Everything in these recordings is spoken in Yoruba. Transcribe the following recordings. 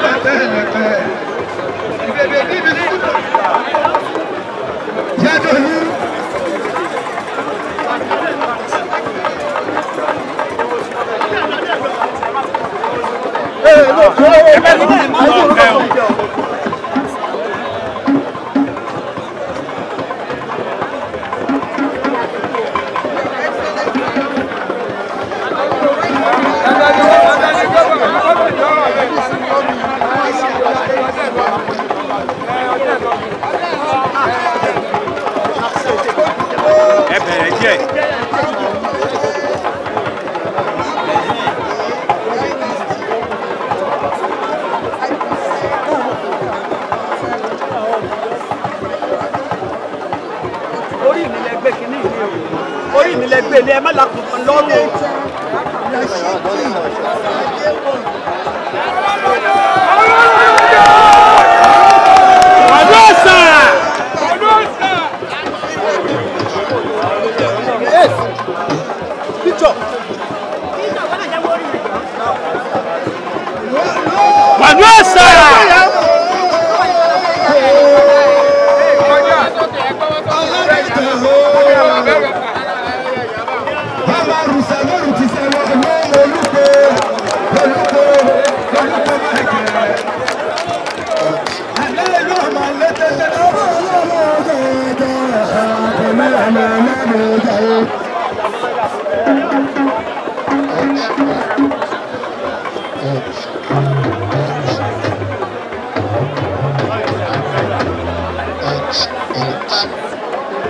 Hey, look, hey, hey, hey, hey, hey, hey, hey, hey, hey, orí mi lẹ gbé ni ẹ má lakùn lọ́rùn. Yes, sir! Thank you.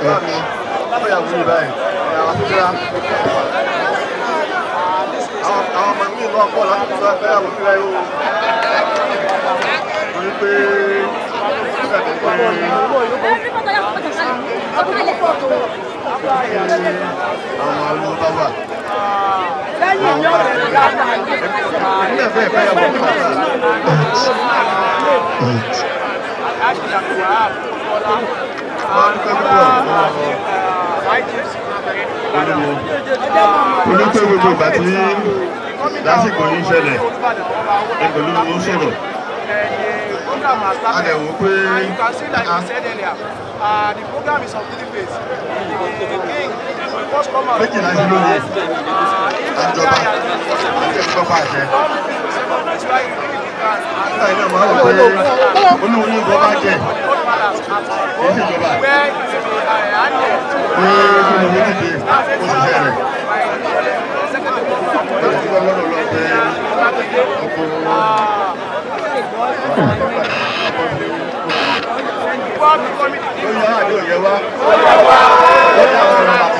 ó yà wúlò báyìí àwọn tó dára àwọn ọmọ mi náà pọ̀ láti fẹ́ fẹ́ àwọn tó dára yóò torí pé àwọn arúgbó bá wà. Eight. Eight olùkọ́ gbogbo ìgbà tí lásìkò yìí ṣẹlẹ̀ ẹgbẹ̀rún ló ń sọ̀rọ̀ a lè wò pé méjìlá yìí lóye àjọba àjẹgbọ́pọ̀ àjẹ báyìí náà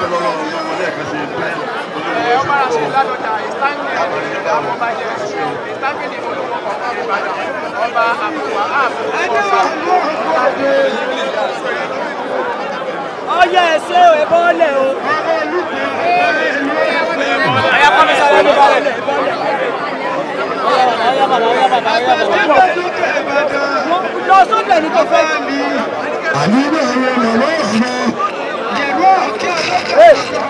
dúpẹ́ lọ́wọ́ ọlọ́run lẹ́ẹ̀kan sí báyìí. ẹ ọ bára ṣe ládọjà ìstáńgì àwọn ọba jẹ ìstáńgì ní olùkọ́ ọba ìbàdàn ọba àbùwà ààbò ọ̀sán. ọyẹ ẹsẹ ẹ bọ́ọ̀lẹ̀ o. ọyẹ kọ́mi sáré ní bọ́ọ̀lẹ̀. ọyẹ bàbá ọyẹ bàbá ọyẹ bàbá. lọ sókè ní tó fẹ́. àbí bẹ́ẹ̀ ni màmá. Sorry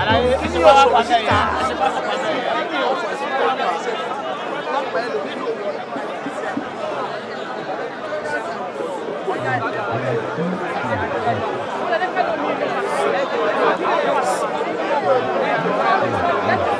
àlàyé ẹsẹ bá wà pàṣẹ yẹn ẹsẹ bá wà pàṣẹ yẹn. Thank you.